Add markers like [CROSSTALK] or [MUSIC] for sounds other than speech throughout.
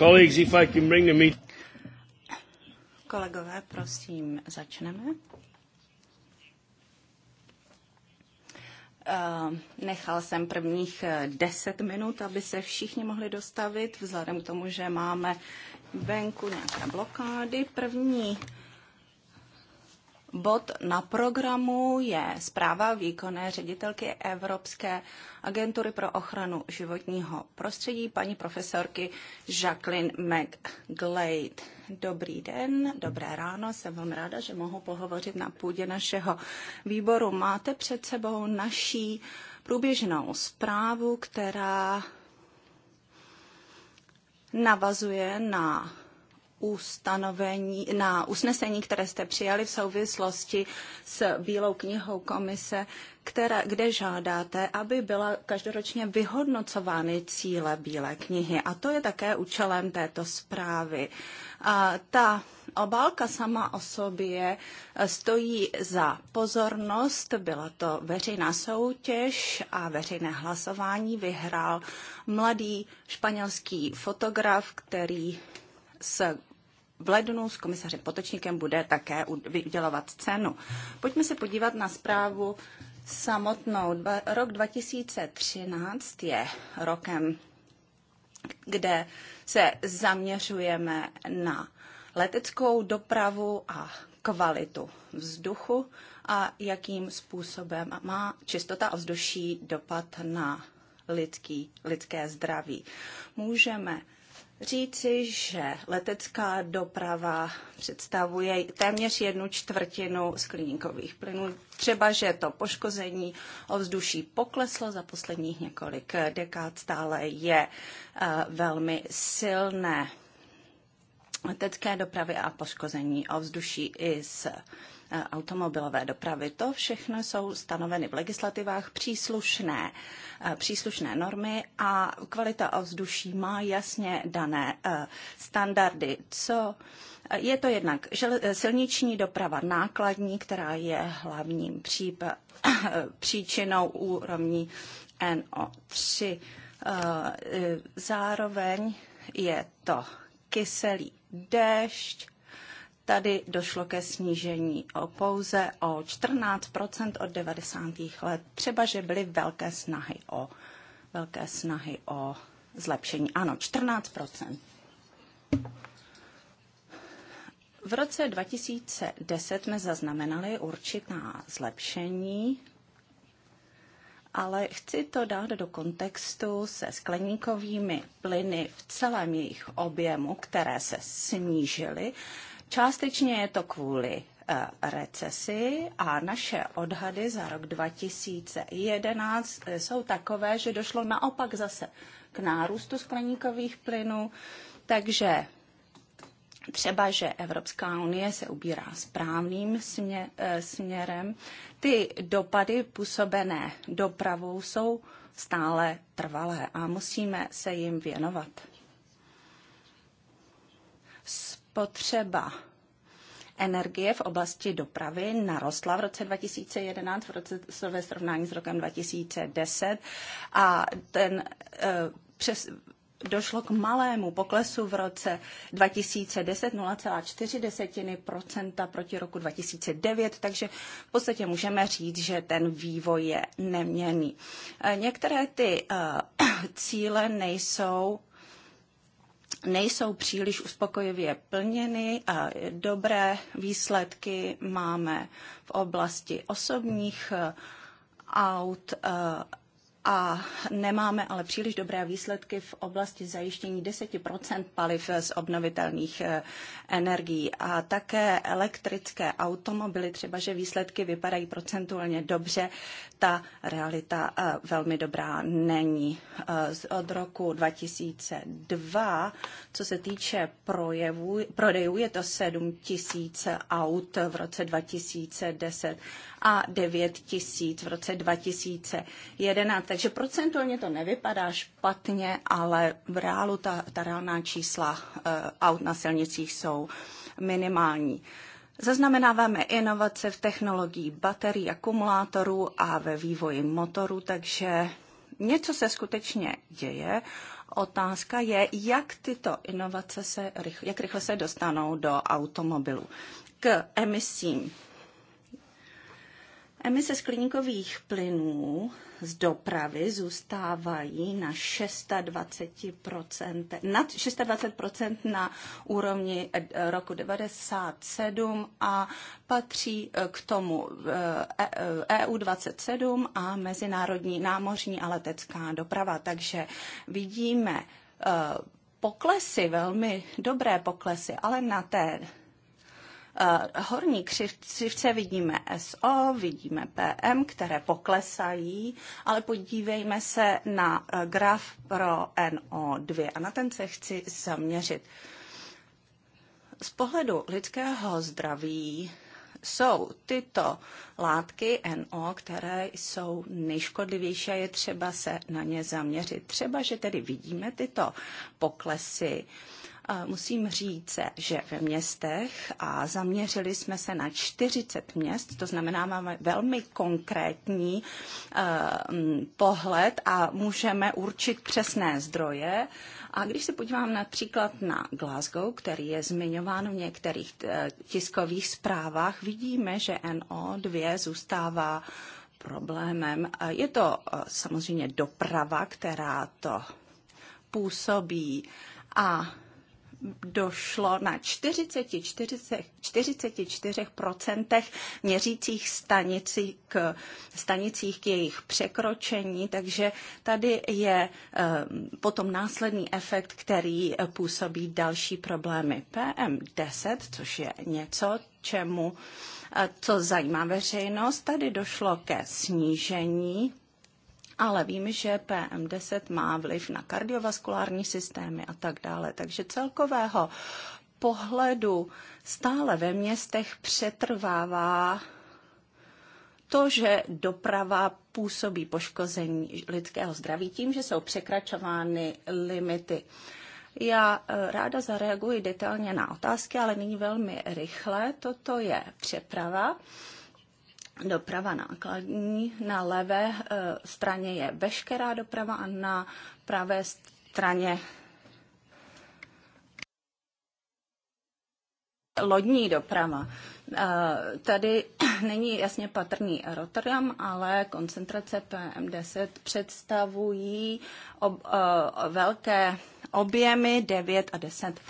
Colleagues, if I can bring the meet... Kolegové, prosím, začneme. Eh, nechal jsem prvních eh, deset minut, aby se všichni mohli dostavit, vzhledem k tomu, že máme venku nějaké blokády. První bod na programu je zpráva výkonné ředitelky Evropské agentury pro ochranu životního prostředí, paní profesorky Jacqueline McGlade. Dobrý den, dobré ráno, jsem vám ráda, že mohu pohovořit na půdě našeho výboru. Máte před sebou naší průběžnou zprávu, která navazuje na ustanovení, na usnesení, které jste přijali v souvislosti s Bílou knihou komise, které, kde žádáte, aby byla každoročně vyhodnocovány cíle Bílé knihy. A to je také účelem této zprávy. A ta obálka sama o sobě stojí za pozornost. Byla to veřejná soutěž a veřejné hlasování. Vyhrál mladý španělský fotograf, který s v lednu s komisařem Potočníkem bude také vydělovat cenu. Pojďme se podívat na zprávu samotnou. Dva, rok 2013 je rokem, kde se zaměřujeme na leteckou dopravu a kvalitu vzduchu a jakým způsobem má čistota ovzduší dopad na lidský, lidské zdraví. Můžeme říci, že letecká doprava představuje téměř jednu čtvrtinu skleníkových plynů. Třeba, že to poškození ovzduší pokleslo za posledních několik dekád, stále je eh, velmi silné letecké dopravy a poškození ovzduší i z e, automobilové dopravy. To všechno jsou stanoveny v legislativách příslušné, e, příslušné normy a kvalita ovzduší má jasně dané e, standardy, co je to jednak silniční doprava nákladní, která je hlavním příp- [COUGHS] příčinou úrovní NO3. Zároveň je to kyselý déšť. Tady došlo ke snížení o pouze o 14 od 90. let. Třeba, že byly velké snahy o, velké snahy o zlepšení. Ano, 14 v roce 2010 jsme zaznamenali určitá zlepšení ale chci to dát do kontextu se skleníkovými plyny v celém jejich objemu, které se snížily. Částečně je to kvůli eh, recesi a naše odhady za rok 2011 eh, jsou takové, že došlo naopak zase k nárůstu skleníkových plynů, takže třeba, že Evropská unie se ubírá správným eh, směrem. Ty dopady působené dopravou jsou stále trvalé a musíme se jim věnovat. Spotřeba energie v oblasti dopravy narostla v roce 2011 v roce, ve srovnání s rokem 2010 a ten eh, přes došlo k malému poklesu v roce 2010 0,4 proti roku 2009, takže v podstatě můžeme říct, že ten vývoj je neměný. Eh, některé ty eh, [COUGHS] cíle nejsou nejsou příliš uspokojivě plněny a dobré výsledky máme v oblasti osobních eh, aut a nemáme ale příliš dobré výsledky v oblasti zajištění 10 paliv z obnovitelných eh, energií. A také elektrické automobily, třeba že výsledky vypadají procentuálně dobře, ta realita eh, velmi dobrá není. Eh, od roku 2002, co se týče projevů, prodejů, je to 7 tisíc aut v roce 2010 a 9 tisíc v roce 2011. Takže procentuálně to nevypadá špatně, ale v reálu ta, ta reálná čísla eh, aut na silnicích jsou minimální. Zaznamenáváme inovace v technologii baterií, akumulátorů a ve vývoji motorů, takže něco se skutečně děje. Otázka je, jak tyto inovace se, jak rychle se dostanou do automobilů. K emisím Emise skleníkových plynů z dopravy zůstávají na 26%, nad 26% na úrovni eh, roku 97 a patří eh, k tomu EU27 eh, e- e- e a mezinárodní námořní a letecká doprava. Takže vidíme poklesy, velmi dobré poklesy, ale na té Eh, horní křivce vidíme SO, vidíme PM, které poklesají, ale podívejme se na eh, graf pro NO2 a na ten se chci zaměřit. Z pohledu lidského zdraví jsou tyto látky NO, které jsou nejškodlivější a je třeba se na ně zaměřit. Třeba, že tedy vidíme tyto poklesy. Uh, musím říct, že ve městech a zaměřili jsme se na 40 měst, to znamená, máme velmi konkrétní eh, mm, pohled a můžeme určit přesné zdroje. A když se podívám například na Glasgow, který je zmiňován v některých eh, tiskových zprávách, vidíme, že NO2 zůstává problémem. Je to eh, samozřejmě doprava, která to působí a došlo na 44, 44% měřících stanici k, stanicích k jejich překročení, takže tady je eh, potom následný efekt, který eh, působí další problémy. PM10, což je něco, čemu eh, co zajímá veřejnost, tady došlo ke snížení ale vím, že PM10 má vliv na kardiovaskulární systémy a tak dále. Takže celkového pohledu stále ve městech přetrvává to, že doprava působí poškození lidského zdraví tím, že jsou překračovány limity. Já e, ráda zareaguji detailně na otázky, ale nyní velmi rychle. Toto je přeprava doprava nákladní, na levé eh, straně je veškerá doprava a na pravé straně lodní doprava. Eh, tady [CLEARS THROAT] není jasně patrný Rotterdam, ale koncentrace PM10 představují ob, o eh, velké objemy 9 a 10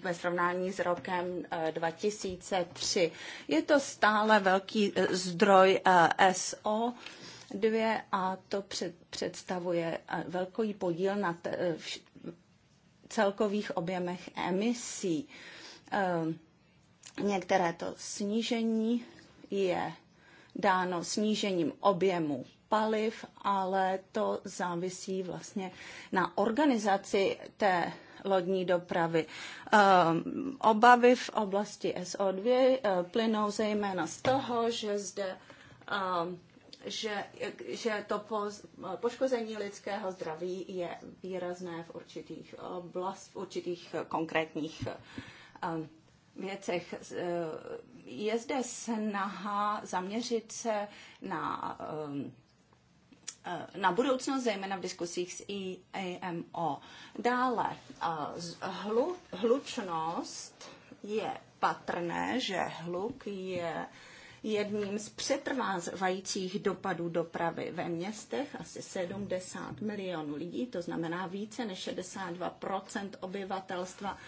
ve srovnání s rokem 2003. Eh, je to stále velký eh, zdroj eh, SO 2 a to představuje velký podíl na celkových objemech emisí. Některé to snížení je dáno snížením objemu paliv, ale to závisí vlastně na organizaci té lodní dopravy. Ehm, obavy v oblasti SO2 eh, plynou zejména z toho, že zde ehm, že, že to po, poškození lidského zdraví je výrazné v určitých oblast, v určitých konkrétních ehm, věcech. Eh, je zde snaha zaměřit se na Eh, na budoucnost, zejména v diskusích s IMO. E Dále eh, hlu, hlučnost je patrné, že hluk je jedním z přetrvávajících dopadů dopravy ve městech, asi 70 milionů lidí, to znamená více než 62 obyvatelstva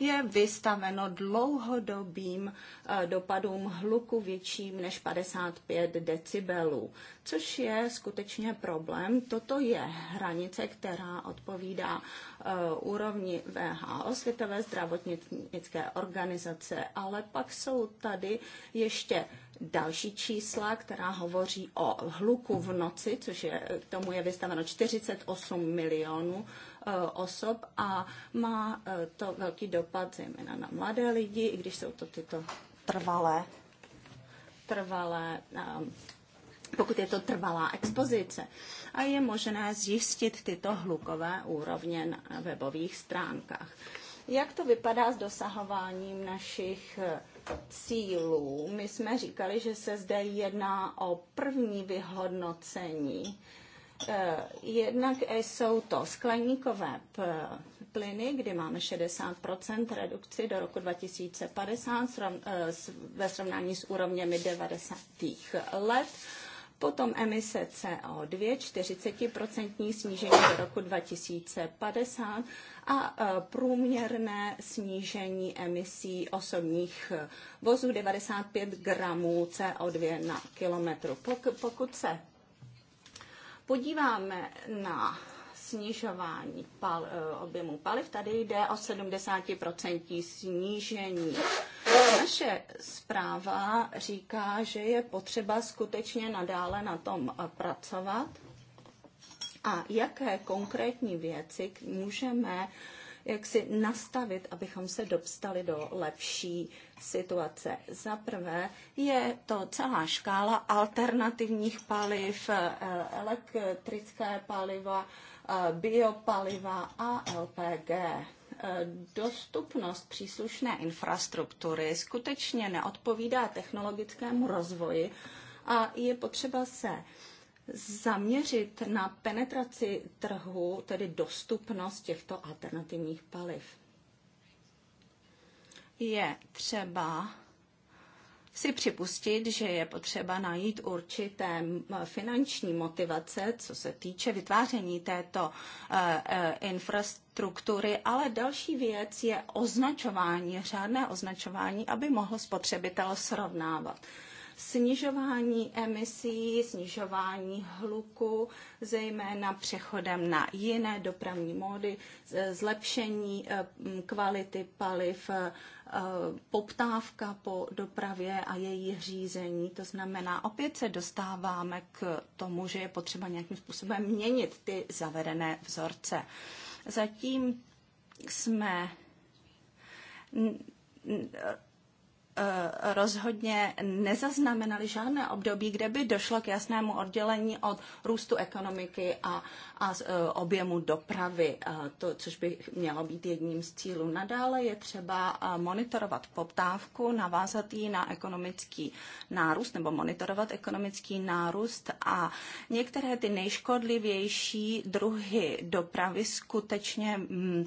je vystaveno dlouhodobým eh, dopadům hluku větším než 55 decibelů, což je skutečně problém. Toto je hranice, která odpovídá eh, úrovni VHO, Světové zdravotnické organizace, ale pak jsou tady ještě další čísla, která hovoří o hluku v noci, což je, eh, k tomu je vystaveno 48 milionů Eh, osob a má eh, to velký dopad zejména na mladé lidi, i když jsou to tyto trvalé, trvalé eh, pokud je to trvalá expozice. A je možné zjistit tyto hlukové úrovně na webových stránkách. Jak to vypadá s dosahováním našich cílů? My jsme říkali, že se zde jedná o první vyhodnocení Eh, jednak eh, jsou to skleníkové plyny, kdy máme 60 redukci do roku 2050 eh, ve srovnání s úrovněmi 90. let. Potom emise CO2, 40% snížení do roku 2050 a průměrné snížení emisí osobních vozů 95 gramů CO2 na kilometru. Pokud se podíváme na snižování pal, eh, objemu paliv, tady jde o 70% snížení. Naše zpráva říká, že je potřeba skutečně nadále na tom eh, pracovat a jaké konkrétní věci můžeme uh, jak si nastavit, abychom se dostali do lepší situace. Za prvé je to celá škála alternativních paliv, eh, elektrické paliva, eh, biopaliva a LPG eh, dostupnost příslušné infrastruktury skutečně neodpovídá technologickému rozvoji a je potřeba se zaměřit na penetraci trhu, tedy dostupnost těchto alternativních paliv. Je třeba si připustit, že je potřeba najít určité finanční motivace, co se týče vytváření této e, e, infrastruktury, ale další věc je označování, řádné označování, aby mohl spotřebitel srovnávat snižování emisí, snižování hluku, zejména přechodem na jiné dopravní módy, zlepšení eh, kvality paliv, eh, poptávka po dopravě a její řízení. To znamená, opět se dostáváme k tomu, že je potřeba nějakým způsobem měnit ty zavedené vzorce. Zatím jsme Eh, rozhodně nezaznamenali žádné období, kde by došlo k jasnému oddělení od růstu ekonomiky a, a eh, objemu dopravy, eh, to, což by mělo být jedním z cílů. Nadále je třeba monitorovat poptávku, navázat ji na ekonomický nárůst nebo monitorovat ekonomický nárůst a některé ty nejškodlivější druhy dopravy skutečně mm,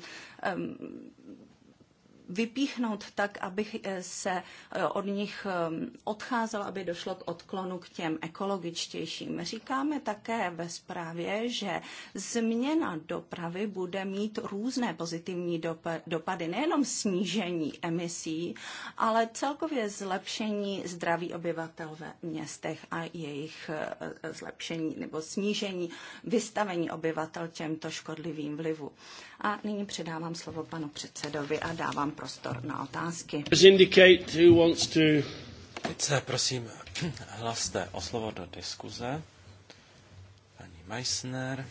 vypíchnout tak, abych eh, se eh, od nich eh, odcházelo, aby došlo k odklonu k těm ekologičtějším. Říkáme také ve zprávě, že změna dopravy bude mít různé pozitivní dopady, nejenom snížení emisí, ale celkově zlepšení zdraví obyvatel ve městech a jejich zlepšení nebo snížení vystavení obyvatel těmto škodlivým vlivům. A nyní předávám slovo panu předsedovi a dávám prostor na otázky. Teď prosím [CLEARS THROAT] hlaste o slovo do diskuze. Paní Meissner.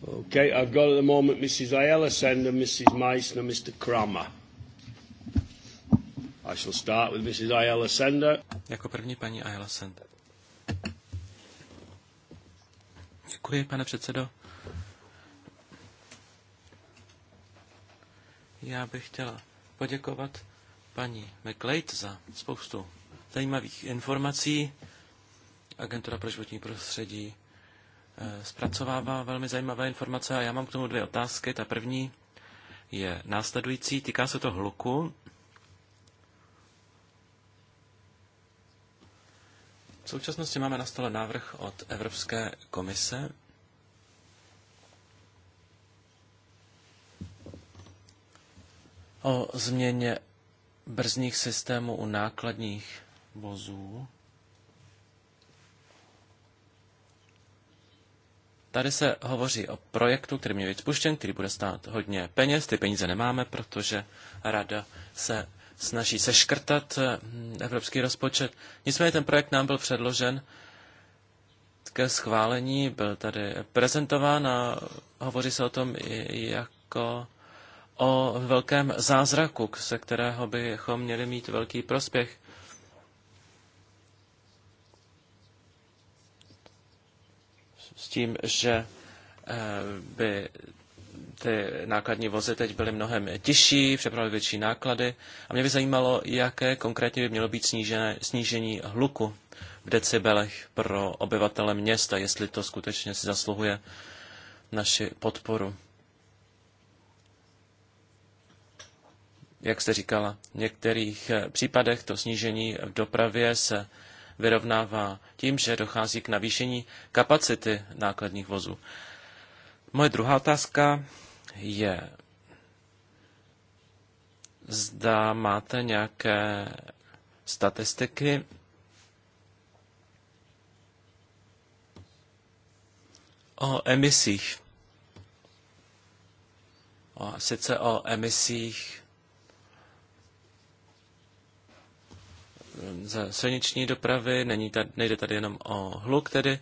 Okay, I've got at the moment Mrs. Ayala Sender, Mrs. Meissner, Mr. Kramer. I shall start with Mrs. Ayala Sender. Jako první paní Ayala Sender. Děkuji, pane předsedo. Já bych chtěla poděkovat paní McLeod za spoustu zajímavých informací. Agentura pro životní prostředí eh, zpracovává velmi zajímavé informace a já mám k tomu dvě otázky. Ta první je následující, týká se to hluku. V současnosti máme na stole návrh od Evropské komise o změně brzdních systémů u nákladních vozů. Tady se hovoří o projektu, který měl být spuštěn, který bude stát hodně peněz. Ty peníze nemáme, protože rada se snaží seškrtat eh, evropský rozpočet. Nicméně ten projekt nám byl předložen ke schválení, byl tady prezentován a hovoří se o tom i jako o velkém zázraku, ze kterého bychom měli mít velký prospěch. S tím, že eh, by ty nákladní vozy teď byly mnohem těžší, přepravili větší náklady. A mě by zajímalo, jaké konkrétně by mělo být snížené, snížení hluku v decibelech pro obyvatele města, jestli to skutečně si zasluhuje naši podporu. jak jste říkala, v některých eh, případech to snížení v dopravě se vyrovnává tím, že dochází k navýšení kapacity nákladních vozů. Moje druhá otázka je, zda máte nějaké statistiky o emisích. O, sice o emisích ze silniční dopravy, není tady, nejde tady jenom o hluk tedy,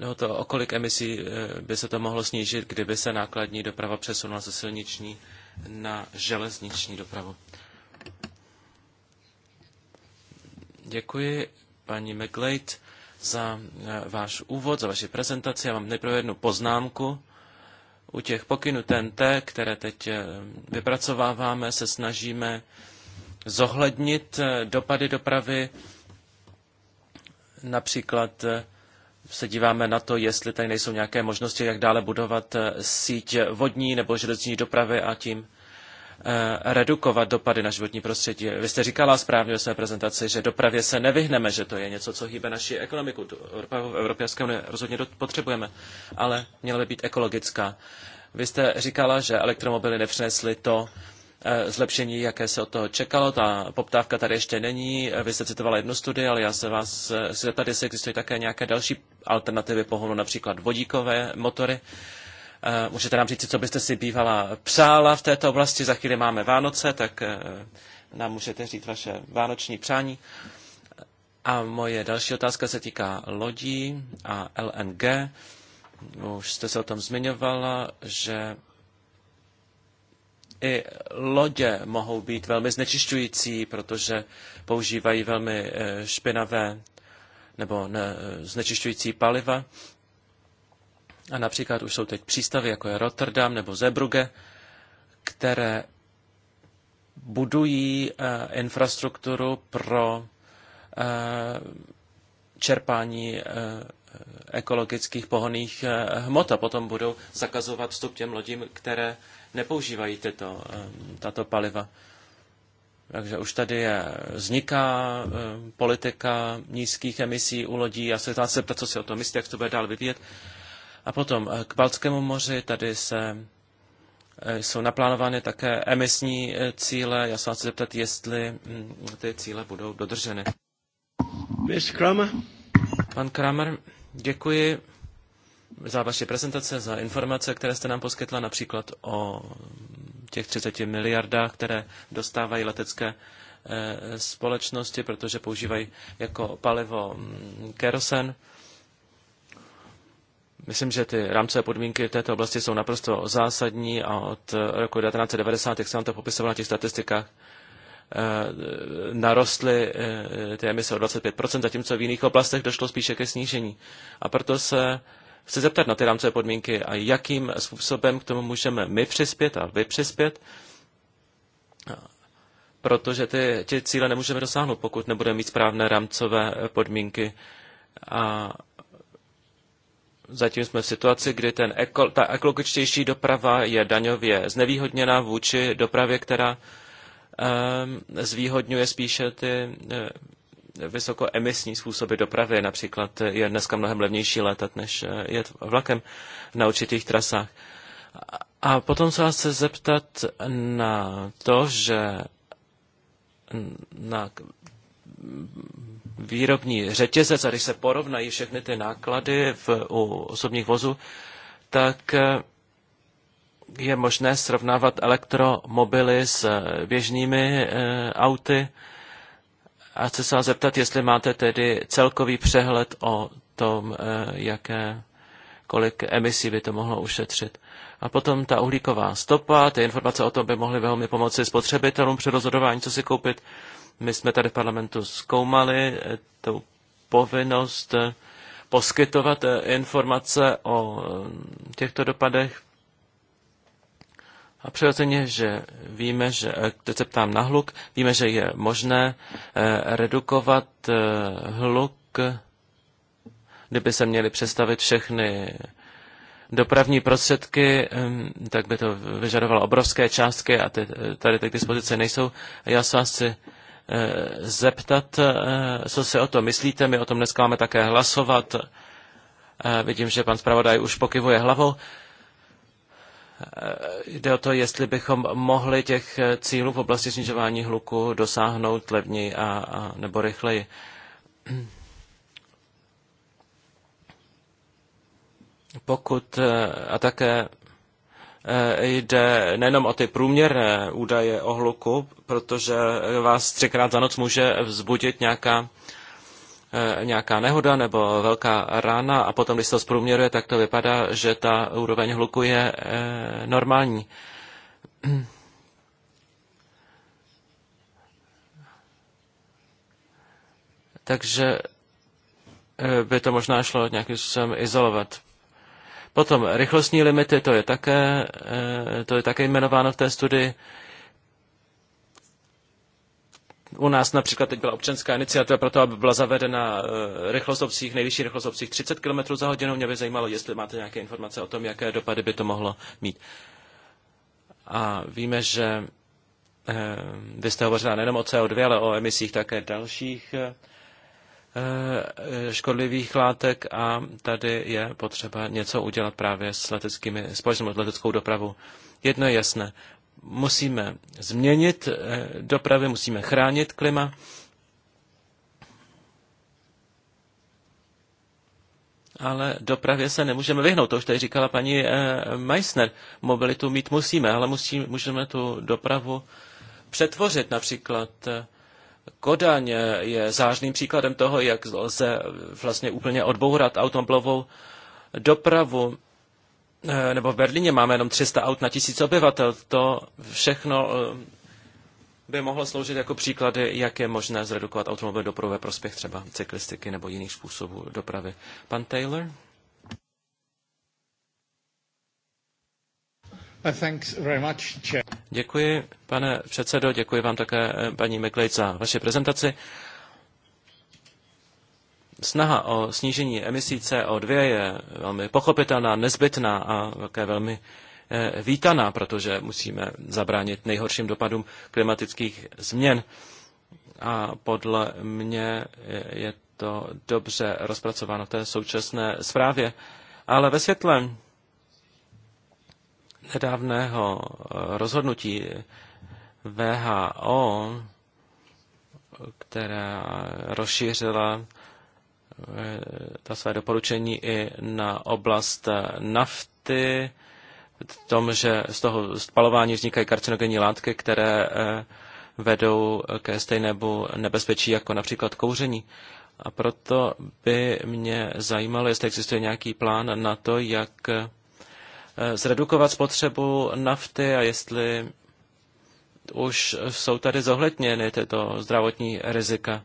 no to o kolik emisí eh, by se to mohlo snížit, kdyby se nákladní doprava přesunula ze silniční na železniční dopravu. Děkuji paní McLeod za eh, váš úvod, za vaši prezentaci. Já mám nejprve jednu poznámku. U těch pokynů TNT, které teď eh, vypracováváme, se snažíme zohlednit eh, dopady dopravy. Například eh, se díváme na to, jestli tady nejsou nějaké možnosti, jak dále budovat eh, síť vodní nebo železniční dopravy a tím redukovat dopady na životní prostředí. Vy jste říkala správně ve své prezentaci, že dopravě se nevyhneme, že to je něco, co hýbe naši ekonomiku. Dopravu v Evropské unii rozhodně potřebujeme, ale měla by být ekologická. Vy jste říkala, že elektromobily nepřinesly to, Eh, zlepšení, jaké se od toho čekalo. Ta poptávka tady ještě není. Eh, vy jste citovala jednu studii, ale já se vás chci eh, zeptat, jestli existují také nějaké další alternativy pohonu, například vodíkové motory. Můžete nám říct, co byste si bývala přála v této oblasti. Za chvíli máme Vánoce, tak nám můžete říct vaše vánoční přání. A moje další otázka se týká lodí a LNG. Už jste se o tom zmiňovala, že i lodě mohou být velmi znečišťující, protože používají velmi eh, špinavé nebo ne, eh, znečišťující paliva. A například už jsou teď přístavy, jako je Rotterdam nebo Zebrugge, které budují eh, infrastrukturu pro čerpání ekologických pohoných hmot a potom budou zakazovat vstup těm lodím, které nepoužívají tyto, eh, tato paliva. Takže už tady je, vzniká eh, politika nízkých emisí u lodí Já se se ptá, co si o tom myslí, jak to bude dál vyvíjet. A potom eh, k Balckému moři tady se jsou naplánovány také emisní cíle. Já se vás chci zeptat, jestli mm, ty cíle budou dodrženy. Miss Kramer. Pan Kramer, děkuji za vaši prezentace, za informace, které jste nám poskytla, například o těch 30 miliardách, které dostávají letecké eh, společnosti, protože používají jako palivo mm, kerosen. Myslím, že ty rámcové podmínky v této oblasti jsou naprosto zásadní a od eh, roku 1990, jak jsem vám to popisoval na těch statistikách, eh, narostly ty emise o 25%, zatímco v jiných oblastech došlo spíše ke snížení. A proto se se zeptat na ty rámcové podmínky a jakým způsobem k tomu můžeme my přispět a vy přispět, protože ty, ty cíle nemůžeme dosáhnout, pokud nebudeme mít správné rámcové podmínky. A zatím jsme v situaci, kdy ten eko, ta ekologičtější doprava je daňově znevýhodněná vůči dopravě, která um, zvýhodňuje spíše ty eh, vysokoemisní způsoby dopravy. Například je dneska mnohem levnější letat, než eh, jet vlakem na určitých trasách. A potom se vás chci zeptat na to, že na výrobní řetězec, a když se porovnají všechny ty náklady v, u osobních vozů, tak eh, je možné srovnávat elektromobily s eh, běžnými e, auty a chci se vás zeptat, jestli máte tedy celkový přehled o tom, eh, jaké, kolik emisí by to mohlo ušetřit. A potom ta uhlíková stopa, ty informace o tom by mohly velmi pomoci spotřebitelům při rozhodování, co si koupit. My jsme tady v parlamentu zkoumali eh, tu povinnost eh, poskytovat informace o těchto dopadech a přirozeně, že víme, že, eh, teď se ptám na hluk, víme, že je možné eh, redukovat eh, hluk, kdyby se měly přestavit všechny dopravní prostředky, tak by to vyžadovalo obrovské částky a ty, tady ty k dispozici nejsou. Já se vás chci zeptat, co si o to myslíte. My o tom dneska máme také hlasovat. Vidím, že pan zpravodaj už pokyvuje hlavou. Eh, jde o to, jestli bychom mohli těch eh, cílů v oblasti snižování hluku dosáhnout levněji a, a nebo rychleji. [CLEARS THROAT] Pokud eh, a také jde nejenom o ty průměrné údaje o hluku, protože vás třikrát za noc může vzbudit nějaká Eh, nějaká nehoda nebo velká rána a potom, když se to zprůměruje, tak to vypadá, že ta úroveň hluku je eh, normální. [CLEARS THROAT] Takže eh, by to možná šlo nějakým způsobem izolovat. Potom rychlostní limity, to je také, to je také jmenováno v té studii. U nás například teď byla občanská iniciativa pro to, aby byla zavedena eh, rychlost obcích, nejvyšší rychlost obcích 30 km za hodinu. Mě by zajímalo, jestli máte nějaké informace o tom, jaké dopady by to mohlo mít. A víme, že eh, vy jste hovořila nejenom o CO2, ale o emisích také dalších eh, škodlivých látek a tady je potřeba něco udělat právě s leteckými, společnou leteckou dopravou. Jedno je jasné, Musíme změnit eh, dopravy, musíme chránit klima. Ale dopravě se nemůžeme vyhnout, to už tady říkala paní eh, Meissner. Mobilitu mít musíme, ale musí, můžeme tu dopravu přetvořit. Například eh, Kodaň je zářným příkladem toho, jak lze vlastně úplně odbourat automobilovou dopravu. Eh, nebo v Berlíně máme jenom 300 aut na tisíc obyvatel. To všechno eh, by mohlo sloužit jako příklady, jak je možné zredukovat automobil dopravu ve prospěch třeba cyklistiky nebo jiných způsobů dopravy. Pan Taylor? Uh, děkuji, pane předsedo, děkuji vám také, eh, paní Miklejc, za vaši prezentaci. Snaha o snížení emisí CO2 je velmi pochopitelná, nezbytná a také velmi eh, vítaná, protože musíme zabránit nejhorším dopadům klimatických změn. A podle mě eh, je to dobře rozpracováno v té současné zprávě. Ale ve světle nedávného eh, rozhodnutí VHO, která rozšířila ta své doporučení i na oblast nafty, v tom, že z toho spalování vznikají karcinogenní látky, které eh, vedou ke stejnému nebezpečí jako například kouření. A proto by mě zajímalo, jestli existuje nějaký plán na to, jak eh, zredukovat spotřebu nafty a jestli už jsou tady zohledněny tyto zdravotní rizika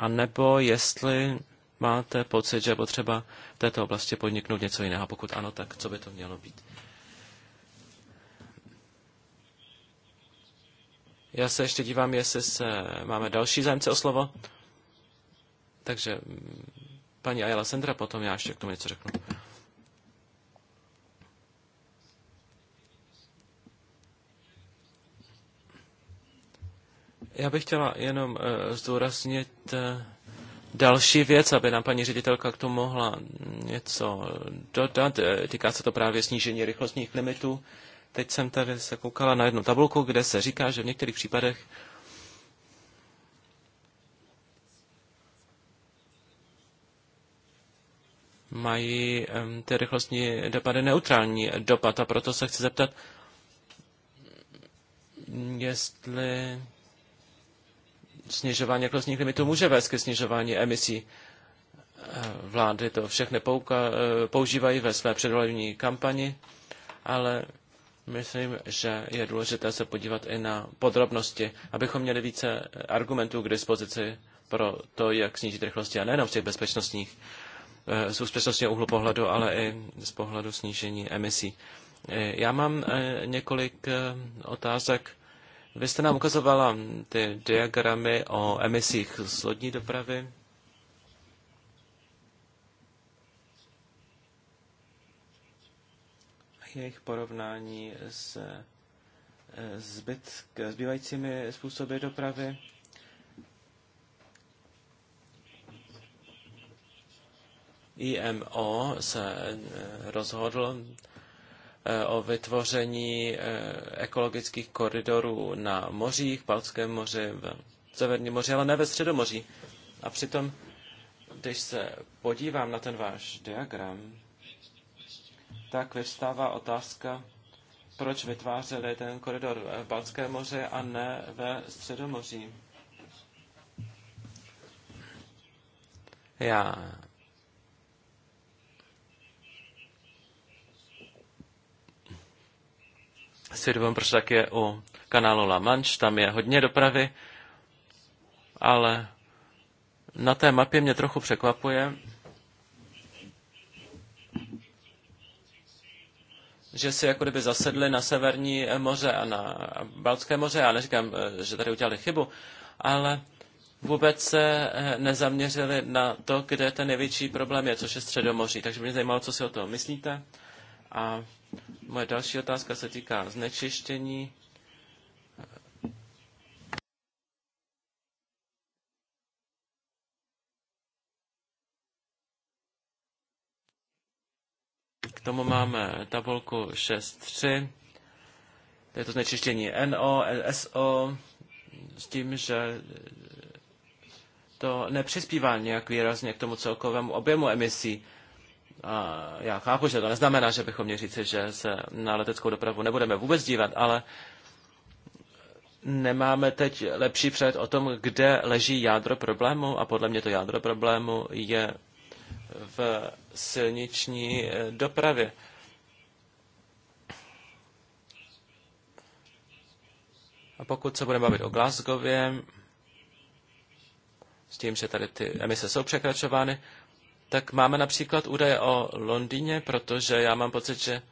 a nebo jestli máte pocit, že potřeba v této oblasti podniknout něco jiného. Pokud ano, tak co by to mělo být? Já se ještě dívám, jestli se máme další zájemce o slovo. Takže mm, paní Ayala Sendra, potom já ještě k tomu něco řeknu. Já bych chtěla jenom eh, zdůraznit eh, další věc, aby nám paní ředitelka k tomu mohla něco dodat. Eh, týká se to právě snížení rychlostních limitů. Teď jsem tady se koukala na jednu tabulku, kde se říká, že v některých případech mají ty rychlostní dopady neutrální dopad. A proto se chci zeptat, jestli snižování ekologických limitů může vést ke snižování emisí. Eh, vlády to všechny eh, používají ve své předvolební kampani, ale myslím, že je důležité se podívat i na podrobnosti, abychom měli více eh, argumentů k dispozici pro to, jak snížit rychlosti a nejenom z těch bezpečnostních, z bezpečnostního úhlu pohledu, ale i z pohledu snížení emisí. Já mám několik otázek vy jste nám ukazovala ty diagramy o emisích z lodní dopravy. jejich porovnání s eh, zbytk, eh, zbývajícími způsoby dopravy. IMO se eh, rozhodl o vytvoření eh, ekologických koridorů na mořích, Balckém moři, v Severním moři, ale ne ve Středomoří. A přitom, když se podívám na ten váš diagram, tak vyvstává otázka, proč vytvářeli ten koridor v Balckém moři a ne ve Středomoří. Já Sirvon, protože tak je u kanálu La Manche, tam je hodně dopravy, ale na té mapě mě trochu překvapuje, že si jako kdyby zasedli na Severní moře a na Baltské moře. Já neříkám, eh, že tady udělali chybu, ale vůbec se eh, nezaměřili na to, kde ten největší problém je, což je Středomoří. Takže mě zajímalo, co si o tom myslíte. A Moje další otázka se týká znečištění. K tomu máme tabulku 6.3. To je to znečištění NO, SO, s tím, že to nepřispívá nějak výrazně k tomu celkovému objemu emisí. A já chápu, že to neznamená, že bychom měli říci, že se na leteckou dopravu nebudeme vůbec dívat, ale nemáme teď lepší před o tom, kde leží jádro problému a podle mě to jádro problému je v silniční eh, dopravě. A pokud se budeme bavit o Glasgowě, s tím, že tady ty emise jsou překračovány, tak máme například údaje o Londýně, protože já mám pocit, že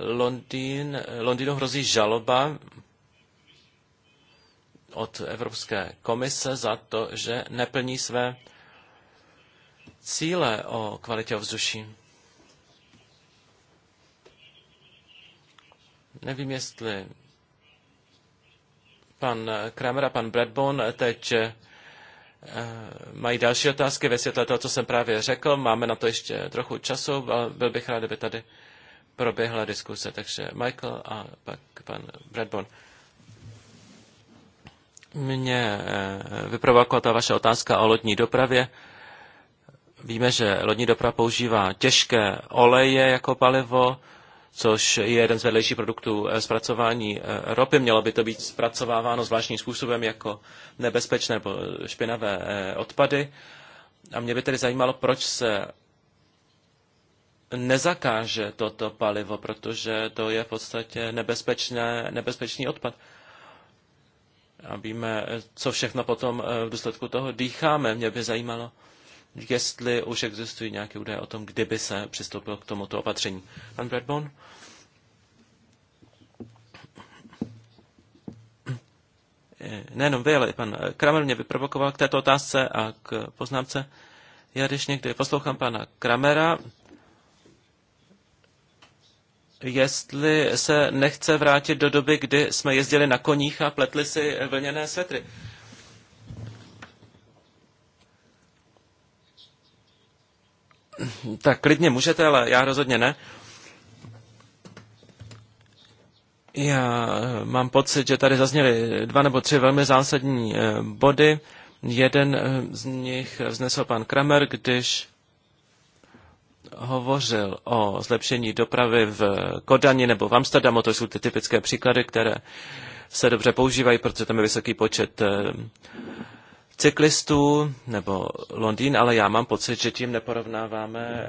Londýn, Londýnu hrozí žaloba od Evropské komise za to, že neplní své cíle o kvalitě ovzduší. Nevím, jestli pan Kramer a pan Bradbone teď Eh, mají další otázky ve světle toho, co jsem právě řekl. Máme na to ještě trochu času, ale byl bych rád, kdyby tady proběhla diskuse. Takže Michael a pak pan Bradborn. Mě eh, vyprovokovala ta vaše otázka o lodní dopravě. Víme, že lodní doprava používá těžké oleje jako palivo což je jeden z vedlejších produktů eh, zpracování eh, ropy. Mělo by to být zpracováváno zvláštním způsobem jako nebezpečné nebo špinavé eh, odpady. A mě by tedy zajímalo, proč se nezakáže toto palivo, protože to je v podstatě nebezpečné, nebezpečný odpad. A víme, co všechno potom v důsledku toho dýcháme. Mě by zajímalo, jestli už existují nějaké údaje o tom, kdyby se přistoupil k tomuto opatření. Pan Bradbone? Nejenom vy, ale i pan Kramer mě vyprovokoval k této otázce a k poznámce. Já když někdy poslouchám pana Kramera, jestli se nechce vrátit do doby, kdy jsme jezdili na koních a pletli si vlněné svetry. Tak klidně můžete, ale já rozhodně ne. Já mám pocit, že tady zazněly dva nebo tři velmi zásadní eh, body. Jeden eh, z nich vznesl pan Kramer, když hovořil o zlepšení dopravy v Kodani nebo v Amsterdamu. To jsou ty typické příklady, které se dobře používají, protože tam je vysoký počet eh, cyklistů nebo Londýn, ale já mám pocit, že tím neporovnáváme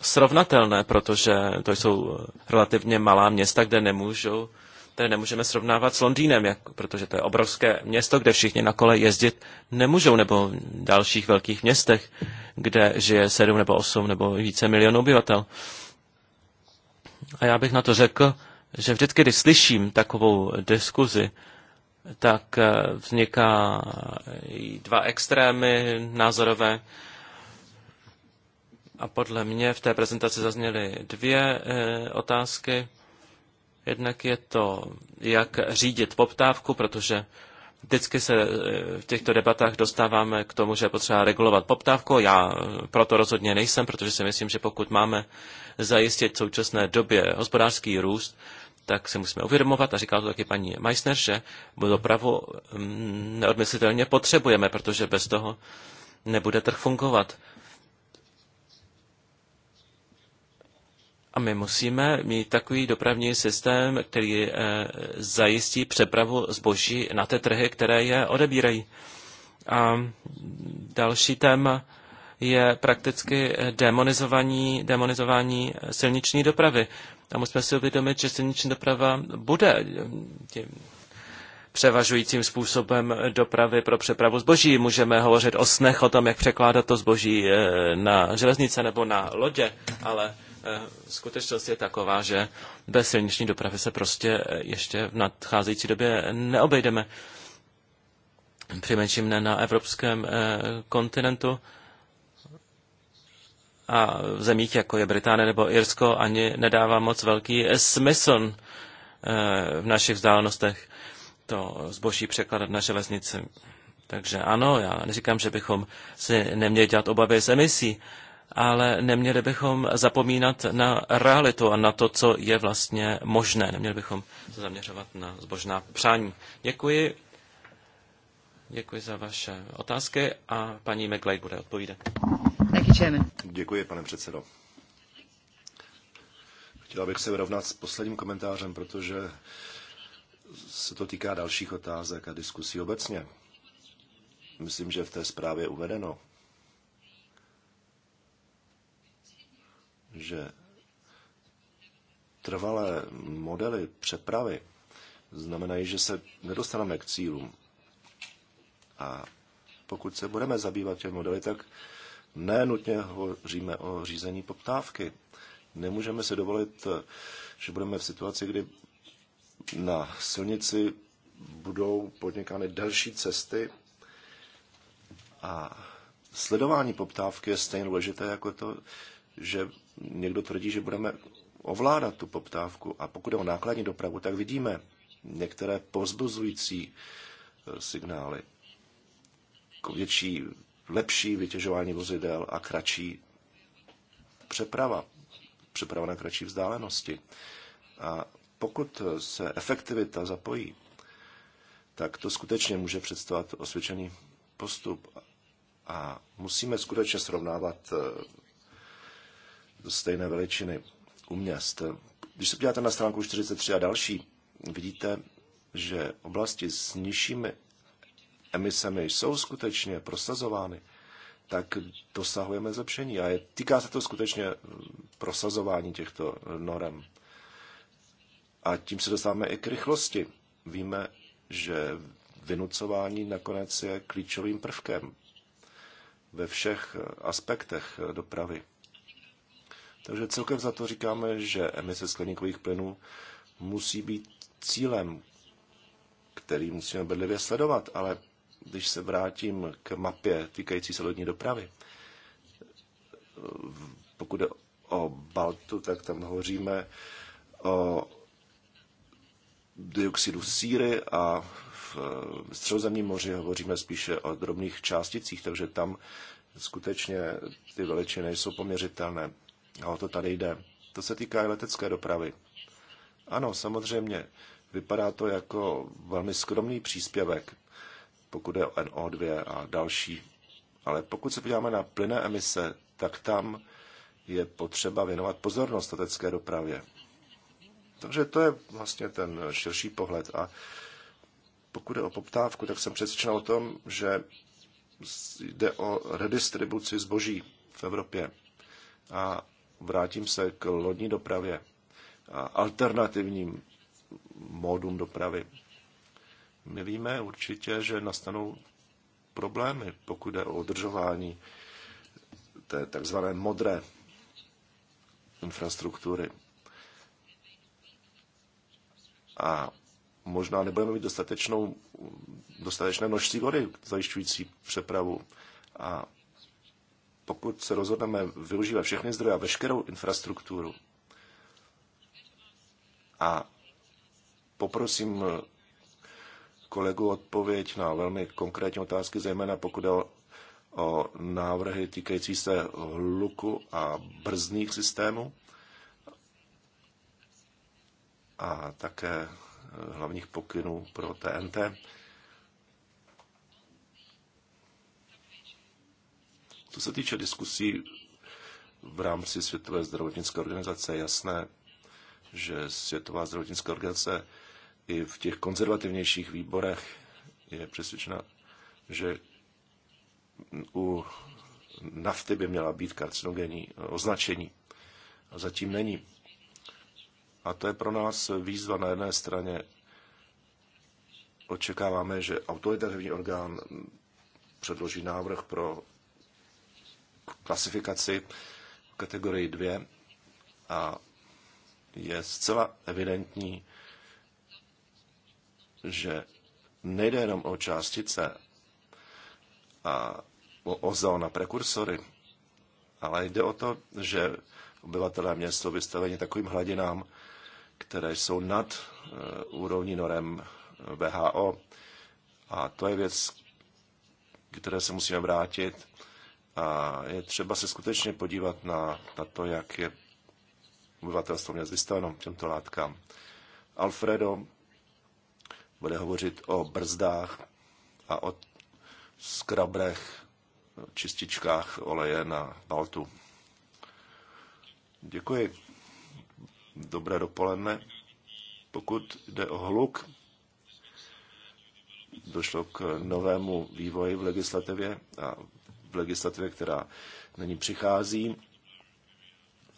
srovnatelné, protože to jsou relativně malá města, kde nemůžou které nemůžeme srovnávat s Londýnem, jak, protože to je obrovské město, kde všichni na kole jezdit nemůžou, nebo v dalších velkých městech, kde žije 7 nebo 8 nebo více milionů obyvatel. A já bych na to řekl, že vždycky, když slyším takovou diskuzi tak eh, vzniká dva extrémy názorové. A podle mě v té prezentaci zazněly dvě eh, otázky. Jednak je to, jak řídit poptávku, protože vždycky se eh, v těchto debatách dostáváme k tomu, že je potřeba regulovat poptávku. Já proto rozhodně nejsem, protože si myslím, že pokud máme zajistit v současné době hospodářský růst, tak se musíme uvědomovat, a říkala to taky paní Meissner, že dopravu mm, neodmyslitelně potřebujeme, protože bez toho nebude trh fungovat. A my musíme mít takový dopravní systém, který eh, zajistí přepravu zboží na ty trhy, které je odebírají. A další téma je prakticky eh, demonizování, demonizování eh, silniční dopravy. A musíme si uvědomit, že silniční doprava bude eh, tím převažujícím způsobem dopravy pro přepravu zboží. Můžeme hovořit o snech, o tom, jak překládat to zboží na železnice nebo na lodě, ale skutečnost je taková, že bez silniční dopravy se prostě ještě v nadcházející době neobejdeme. Přimenším ne na evropském kontinentu a v zemích, jako je Británie nebo Irsko, ani nedává moc velký smysl eh, v našich vzdálenostech to zboží překladat na železnici. Takže ano, já neříkám, že bychom si neměli dělat obavy z emisí, ale neměli bychom zapomínat na realitu a na to, co je vlastně možné. Neměli bychom se zaměřovat na zbožná přání. Děkuji. Děkuji za vaše otázky a paní McLeod bude odpovídat. Thank you, Chairman. Děkuji, pane předsedo. Chtěla bych se vyrovnat s posledním komentářem, protože se to týká dalších otázek a diskusí obecně. Myslím, že v té zprávě je uvedeno, že trvalé modely přepravy znamenají, že se nedostaneme k cílům. A pokud se budeme zabývat těmi modely, tak ne nutně hovoříme o řízení poptávky. Nemůžeme si dovolit, že budeme v situaci, kdy na silnici budou podnikány další cesty a sledování poptávky je stejně důležité jako to, že někdo tvrdí, že budeme ovládat tu poptávku. A pokud je o nákladní dopravu, tak vidíme některé pozbuzující eh, signály k větší lepší vytěžování vozidel a kratší přeprava, přeprava na kratší vzdálenosti. A pokud se efektivita zapojí, tak to skutečně může představovat osvědčený postup. A musíme skutečně srovnávat eh, stejné veličiny u měst. Když se podíváte na stránku 43 a další, vidíte, že oblasti s nižšími emisemi jsou skutečně prosazovány, tak dosahujeme zlepšení. A je, týká se to skutečně eh, prosazování těchto eh, norem. A tím se dostáváme i k rychlosti. Víme, že vynucování nakonec je klíčovým prvkem ve všech eh, aspektech dopravy. Takže celkem za to říkáme, že emise skleníkových plynů musí být cílem, který musíme bedlivě sledovat, ale když se vrátím k mapě týkající se lodní dopravy, pokud je o Baltu, tak tam hovoříme o dioxidu síry a v středozemním moři hovoříme spíše o drobných částicích, takže tam skutečně ty veličiny jsou poměřitelné. A o to tady jde. To se týká i letecké dopravy. Ano, samozřejmě, vypadá to jako velmi skromný příspěvek, pokud je o NO2 a další. Ale pokud se podíváme na plyné emise, tak tam je potřeba věnovat pozornost letecké dopravě. Takže to je vlastně ten širší pohled. A pokud je o poptávku, tak jsem přesvědčen o tom, že jde o redistribuci zboží v Evropě. A vrátím se k lodní dopravě a alternativním módům dopravy. My víme určitě, že nastanou problémy, pokud jde o održování té takzvané modré infrastruktury. A možná nebudeme mít dostatečnou, dostatečné množství vody zajišťující přepravu. A pokud se rozhodneme využívat všechny zdroje a veškerou infrastrukturu, a poprosím kolegu odpověď na velmi konkrétní otázky, zejména pokud je o návrhy týkající se hluku a brzdných systémů a také eh, hlavních pokynů pro TNT. Co se týče diskusí v rámci Světové zdravotnické organizace, je jasné, že Světová zdravotnická organizace i v těch konzervativnějších výborech je přesvědčena, že u nafty by měla být karcinogenní označení. A zatím není. A to je pro nás výzva na jedné straně. Očekáváme, že autoritativní orgán předloží návrh pro klasifikaci kategorii 2 a je zcela evidentní, že nejde jenom o částice a o ozon a prekursory, ale jde o to, že obyvatelé město jsou vystaveni takovým hladinám, které jsou nad eh, úrovní norem eh, VHO. A to je věc, které se musíme vrátit. A je třeba se skutečně podívat na, na to, jak je obyvatelstvo měst vystaveno těmto látkám. Alfredo bude hovořit o brzdách a o skrabrech, čističkách oleje na baltu. Děkuji. Dobré dopoledne. Pokud jde o hluk, došlo k novému vývoji v legislativě a v legislativě, která není přichází.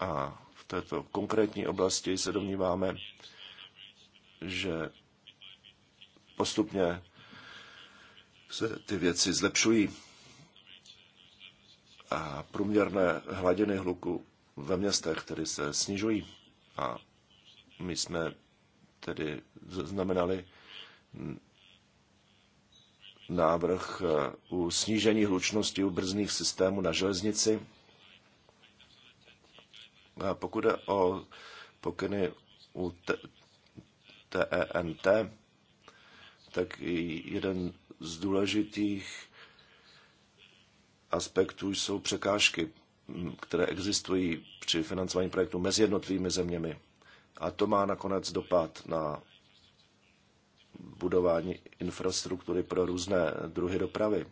A v této konkrétní oblasti se domníváme, že postupně se ty věci zlepšují. A průměrné hladiny hluku ve městech tedy se snižují. A my jsme tedy znamenali návrh eh, u snížení hlučnosti u brzných systémů na železnici. A pokud je o pokyny u TENT, tak i jeden z důležitých aspektů jsou překážky, mm, které existují při financování projektu mezi jednotlivými zeměmi. A to má nakonec dopad na budování infrastruktury pro různé druhy dopravy.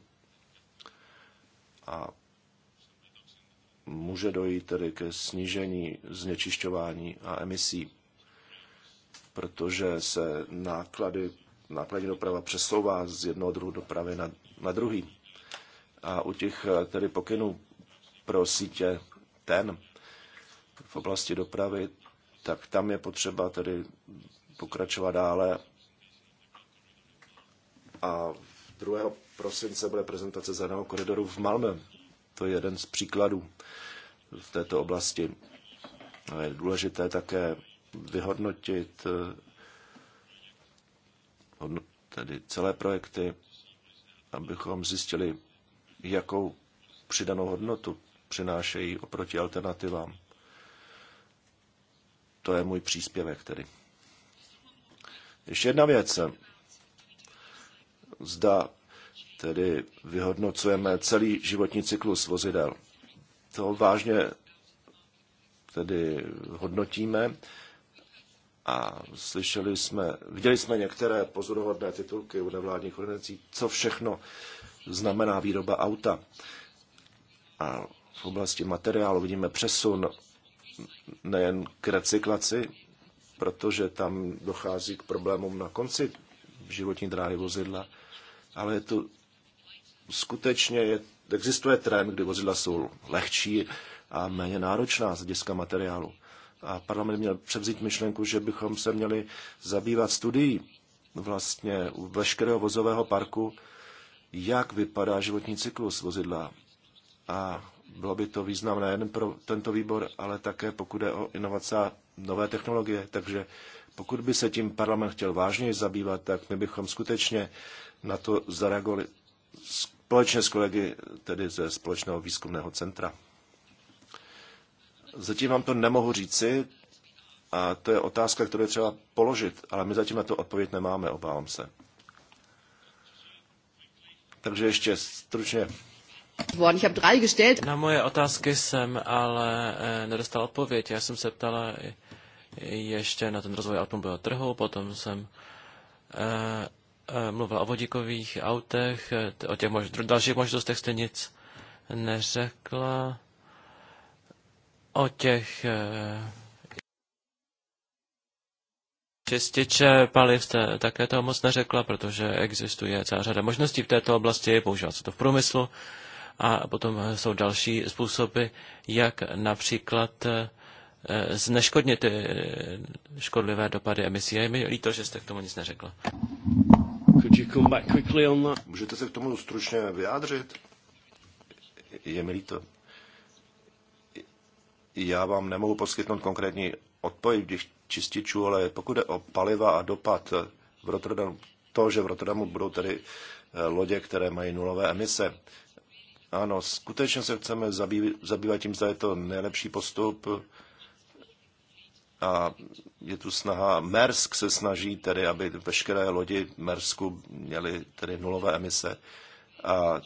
A může dojít tedy ke snížení znečišťování a emisí, protože se náklady nákladní doprava přesouvá z jednoho druhu dopravy na, na druhý. A u těch eh, tedy pokynů pro sítě ten v oblasti dopravy, tak tam je potřeba tedy pokračovat dále. A 2. prosince bude prezentace zeleného koridoru v Malmö. To je jeden z příkladů v této oblasti. Je důležité také vyhodnotit eh, tedy celé projekty, abychom zjistili, jakou přidanou hodnotu přinášejí oproti alternativám. To je můj příspěvek tedy. Ještě jedna věc. Zda tedy vyhodnocujeme celý životní cyklus vozidel. To vážně tedy hodnotíme a slyšeli jsme, viděli jsme některé pozoruhodné titulky u nevládních organizací, co všechno znamená výroba auta. A v oblasti materiálu vidíme přesun nejen k recyklaci, protože tam dochází k problémům na konci životní dráhy vozidla, ale je to skutečně je, existuje trend, kdy vozidla jsou lehčí a méně náročná z hlediska materiálu a parlament měl převzít myšlenku, že bychom se měli zabývat studií vlastně u veškerého vozového parku, jak vypadá životní cyklus vozidla. A bylo by to významné jen pro tento výbor, ale také pokud je o inovace a nové technologie. Takže pokud by se tím parlament chtěl vážněji zabývat, tak my bychom skutečně na to zareagovali společně s kolegy, tedy ze Společného výzkumného centra. Zatím vám to nemohu říci a to je otázka, kterou je třeba položit, ale my zatím na to odpověď nemáme, obávám se. Takže ještě stručně. Na moje otázky jsem ale eh, nedostal odpověď. Já jsem se ptala ještě na ten rozvoj automobilového trhu, potom jsem eh, eh, mluvil o vodíkových autech, o těch mož- dalších možnostech jste nic neřekla o těch eh, Čističe paliv jste také toho moc neřekla, protože existuje celá řada možností v této oblasti, používá se to v průmyslu a potom jsou další způsoby, jak například eh, zneškodnit ty škodlivé dopady emisí. Je mi líto, že jste k tomu nic neřekla. Můžete se k tomu stručně vyjádřit? Je mi líto já vám nemohu poskytnout konkrétní odpověď když čističů, ale pokud jde o paliva a dopad eh, v Rotterdamu, to, že v Rotterdamu budou tedy eh, lodě, které mají nulové emise. Ano, skutečně se chceme zabývat tím, zda je to nejlepší postup a je tu snaha, Mersk se snaží tedy, aby veškeré lodi Mersku měly tedy nulové emise a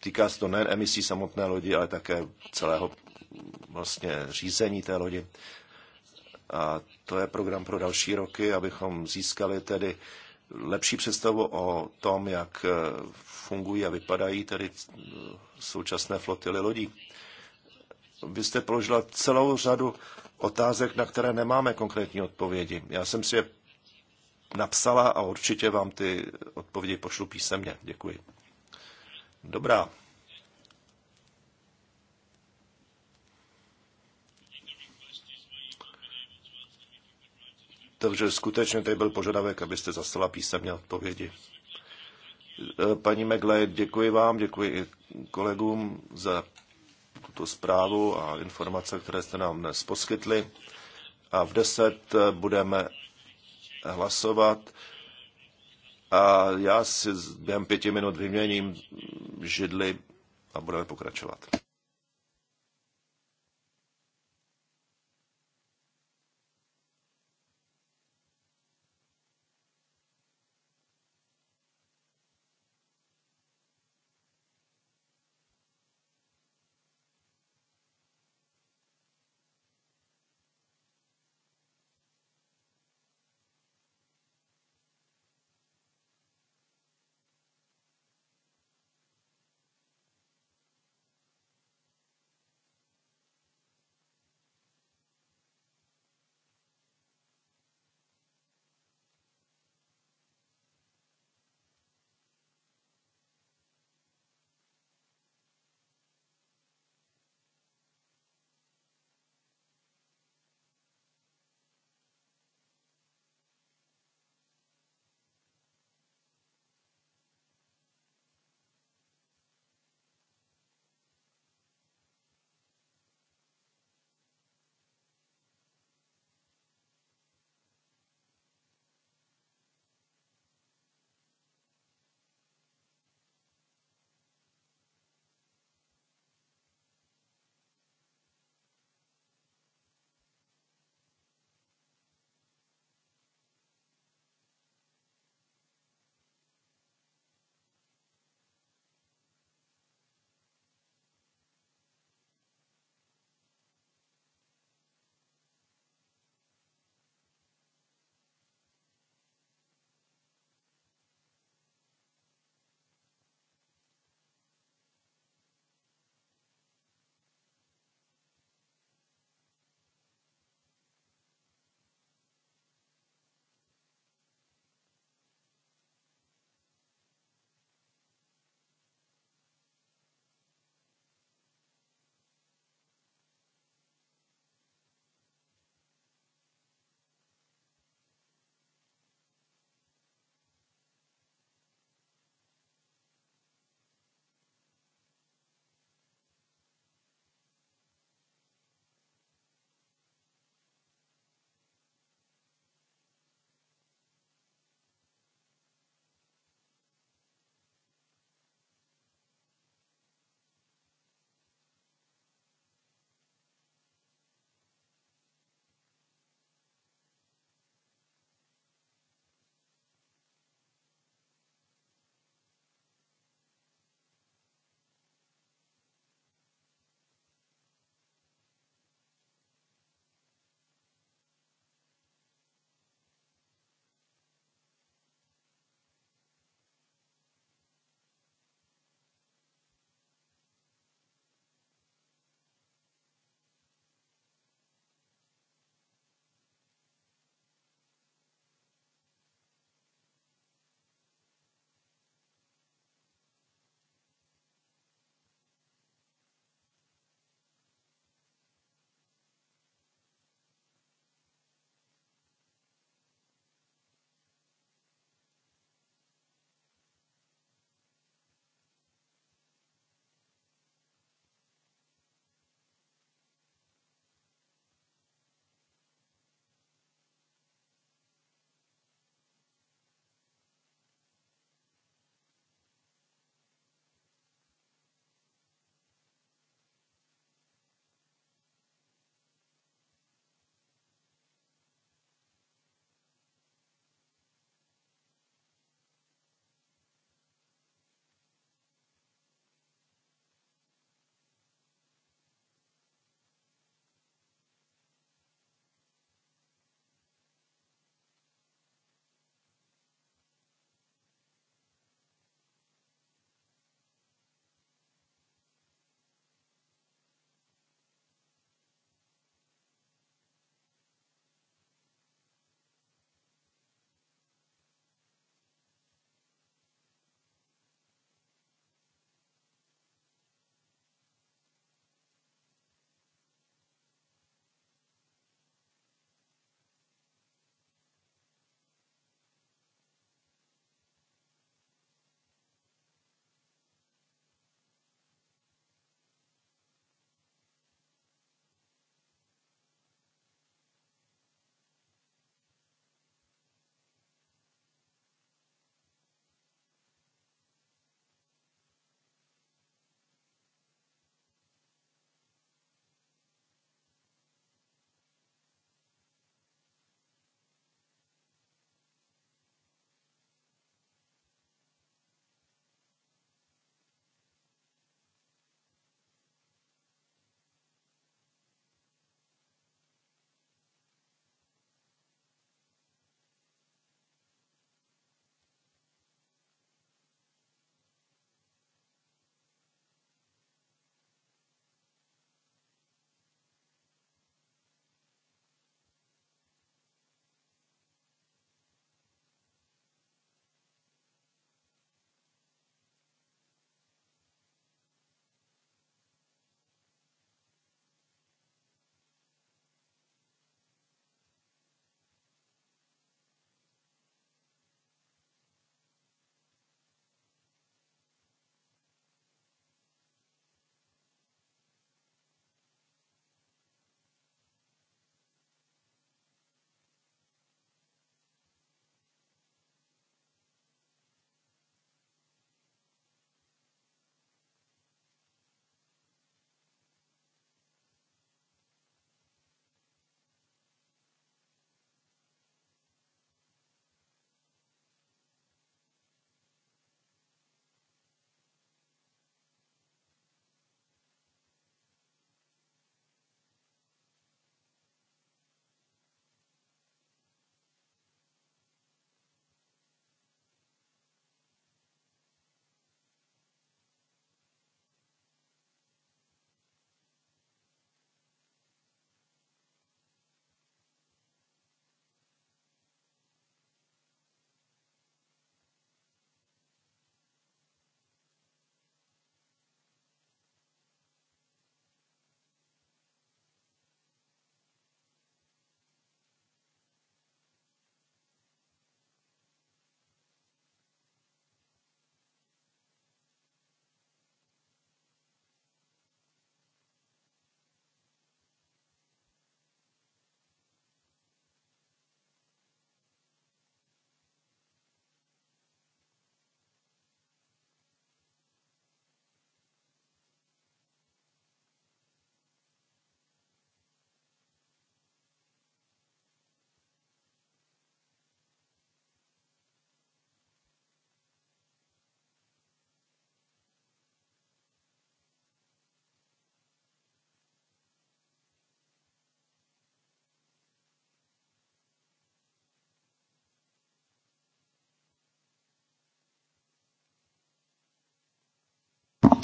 Týká se to nejen emisí samotné lodi, ale také celého vlastně řízení té lodi. A to je program pro další roky, abychom získali tedy lepší představu o tom, jak fungují a vypadají tedy současné flotily lodí. Vy jste položila celou řadu otázek, na které nemáme konkrétní odpovědi. Já jsem si je napsala a určitě vám ty odpovědi pošlu písemně. Děkuji. Dobrá. Takže skutečně tady byl požadavek, abyste zaslala písemně odpovědi. E, paní Megle, děkuji vám, děkuji i kolegům za tuto zprávu a informace, které jste nám dnes poskytli. A v 10 e, budeme hlasovat. A já si během pěti minut vyměním židli a budeme pokračovat.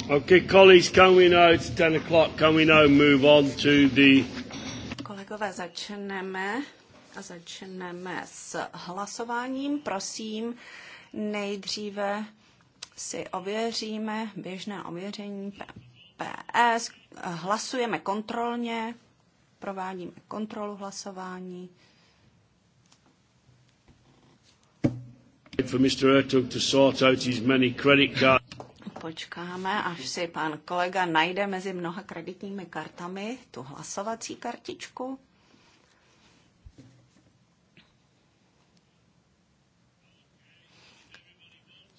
Okay, colleagues, can we now, it's 10 o'clock, can we now move on to the... Kolegové, začneme a začneme s hlasováním. Prosím, nejdříve si ověříme běžné ověření PPS. Hlasujeme kontrolně, provádíme kontrolu hlasování. For Mr. Ertug to sort out his many credit cards počkáme, až si pan kolega najde mezi mnoha kreditními kartami tu hlasovací kartičku.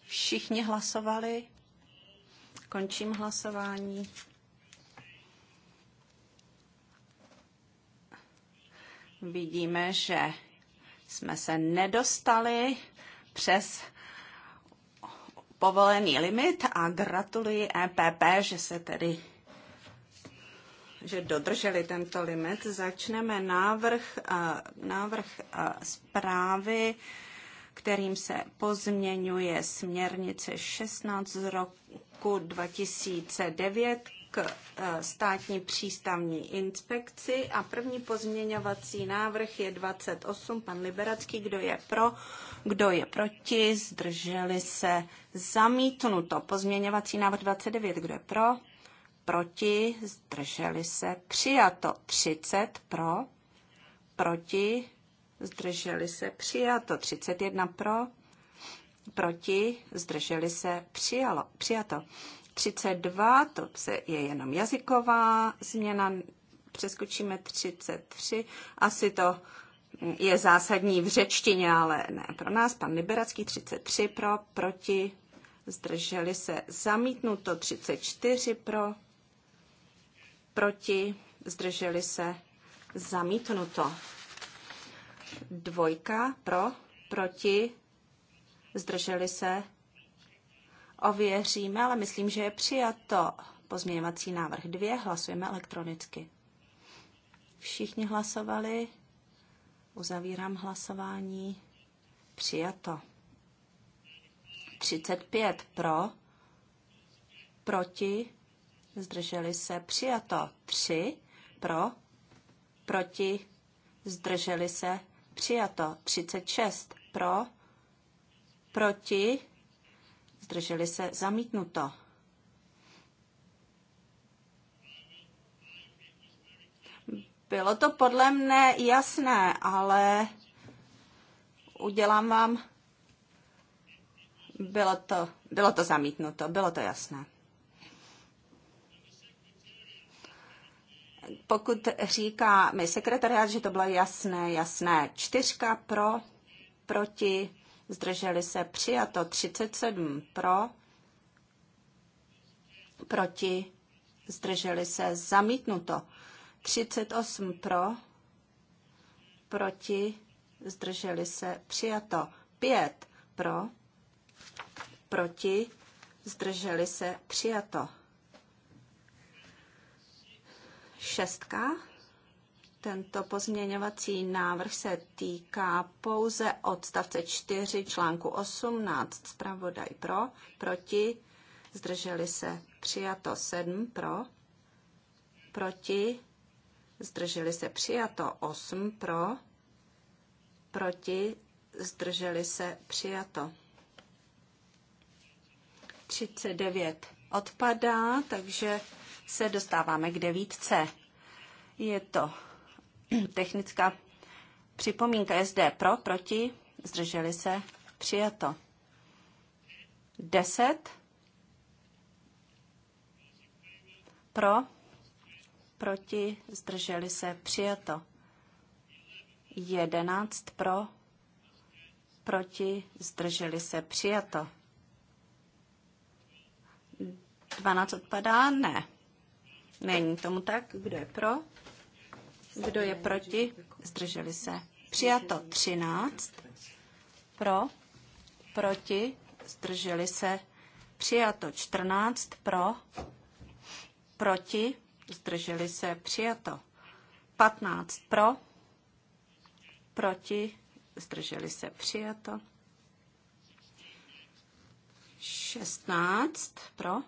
Všichni hlasovali. Končím hlasování. Vidíme, že jsme se nedostali přes povolený limit a gratuluji EPP, že se tedy že dodrželi tento limit. Začneme návrh, návrh zprávy, kterým se pozměňuje směrnice 16 z roku 2009 E, státní přístavní inspekci a první pozměňovací návrh je 28, pan Liberacký, kdo je pro, kdo je proti, zdrželi se, zamítnuto. Pozměňovací návrh 29, kdo je pro, proti, zdrželi se, přijato. 30 pro, proti, zdrželi se, přijato. 31 pro, proti, zdrželi se, přijalo, přijato. 32, to je jenom jazyková změna, přeskočíme 33, asi to je zásadní v řečtině, ale ne pro nás. Pan Liberacký 33 pro, proti, zdrželi se zamítnuto 34 pro, proti, zdrželi se zamítnuto. Dvojka pro, proti, zdrželi se ověříme, ale myslím, že je přijato. Pozměňovací návrh 2, hlasujeme elektronicky. Všichni hlasovali. Uzavírám hlasování. Přijato. 35 pro, proti, zdrželi se. Přijato. 3 pro, proti, zdrželi se. Přijato. 36 pro, proti, zdrželi se, zamítnuto. Bylo to podle mne jasné, ale udělám vám. Bylo to, bylo to zamítnuto, bylo to jasné. Pokud říká mi sekretariát, že to bylo jasné, jasné. Čtyřka pro, proti, zdrželi se přijato 37 pro, proti, zdrželi se zamítnuto 38 pro, proti, zdrželi se přijato 5 pro, proti, zdrželi se přijato. Šestka tento pozměňovací návrh se týká pouze odstavce 4 článku 18. Zpravodaj pro, proti, zdrželi se přijato 7 pro, proti, zdrželi se přijato 8 pro, proti, zdrželi se přijato 39 odpadá, takže se dostáváme k devítce. Je to Technická připomínka je zde pro, proti, zdrželi se, přijato. 10 pro, proti, zdrželi se, přijato. 11 pro, proti, zdrželi se, přijato. 12 odpadá? Ne. Není tomu tak. Kdo je pro? Kdo je proti? Zdrželi se. Přijato 13. Pro. Proti. Zdrželi se. Přijato 14. Pro. Proti. Zdrželi se. Přijato 15. Pro. Proti. Zdrželi se. Přijato 16. Pro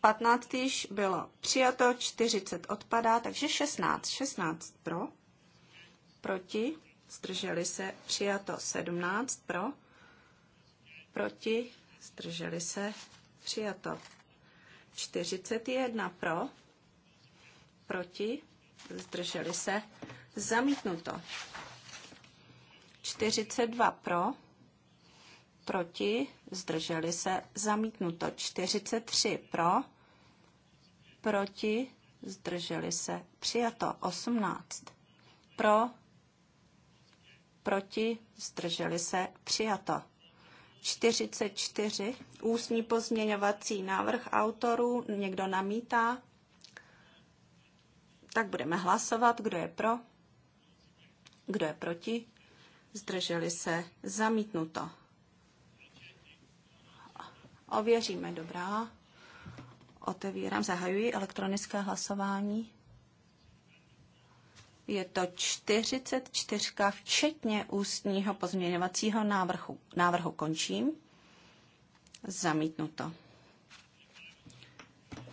15 již bylo přijato, 40 odpadá, takže 16. 16 pro, proti, zdrželi se, přijato 17 pro, proti, zdrželi se, přijato 41 pro, proti, zdrželi se, zamítnuto 42 pro, proti, zdrželi se, zamítnuto 43 pro, proti, zdrželi se, přijato 18 pro, proti, zdrželi se, přijato 44, ústní pozměňovací návrh autorů, někdo namítá, tak budeme hlasovat, kdo je pro, kdo je proti, zdrželi se, zamítnuto. Ověříme, dobrá. Otevírám, zahajuji elektronické hlasování. Je to 44, včetně ústního pozměňovacího návrhu. Návrhu končím. Zamítnuto.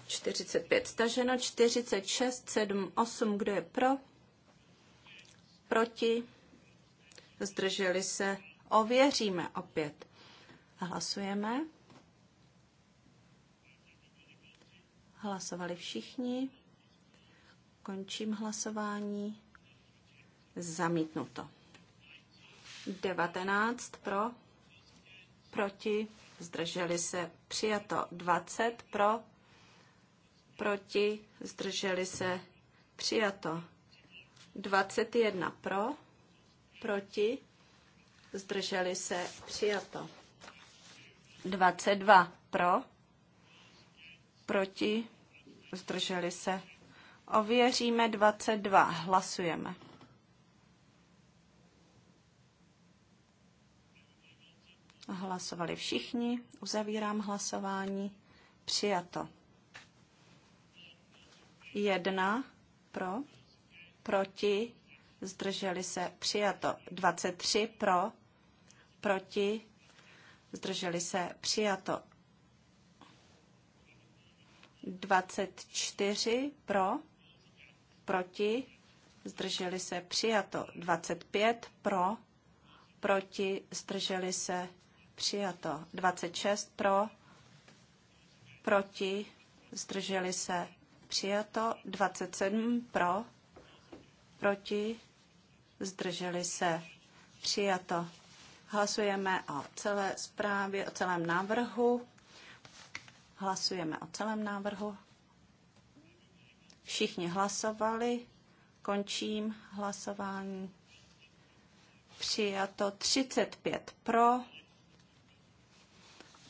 45 staženo, 46, 7, 8, kdo je pro? Proti? Zdrželi se? Ověříme opět. Hlasujeme. Hlasovali všichni. Končím hlasování. Zamítnuto. 19 pro, proti, zdrželi se, přijato 20 pro, proti, zdrželi se, přijato 21 pro, proti, zdrželi se, přijato 22 pro, proti, zdrželi se. Ověříme 22, hlasujeme. Hlasovali všichni, uzavírám hlasování, přijato. Jedna pro, proti, zdrželi se, přijato. 23 pro, proti, zdrželi se, přijato. 24 pro, proti, zdrželi se přijato. 25 pro, proti, zdrželi se přijato. 26 pro, proti, zdrželi se přijato. 27 pro, proti, zdrželi se přijato. Hlasujeme o celé zprávě, o celém návrhu Hlasujeme o celém návrhu. Všichni hlasovali. Končím hlasování. Přijato 35 pro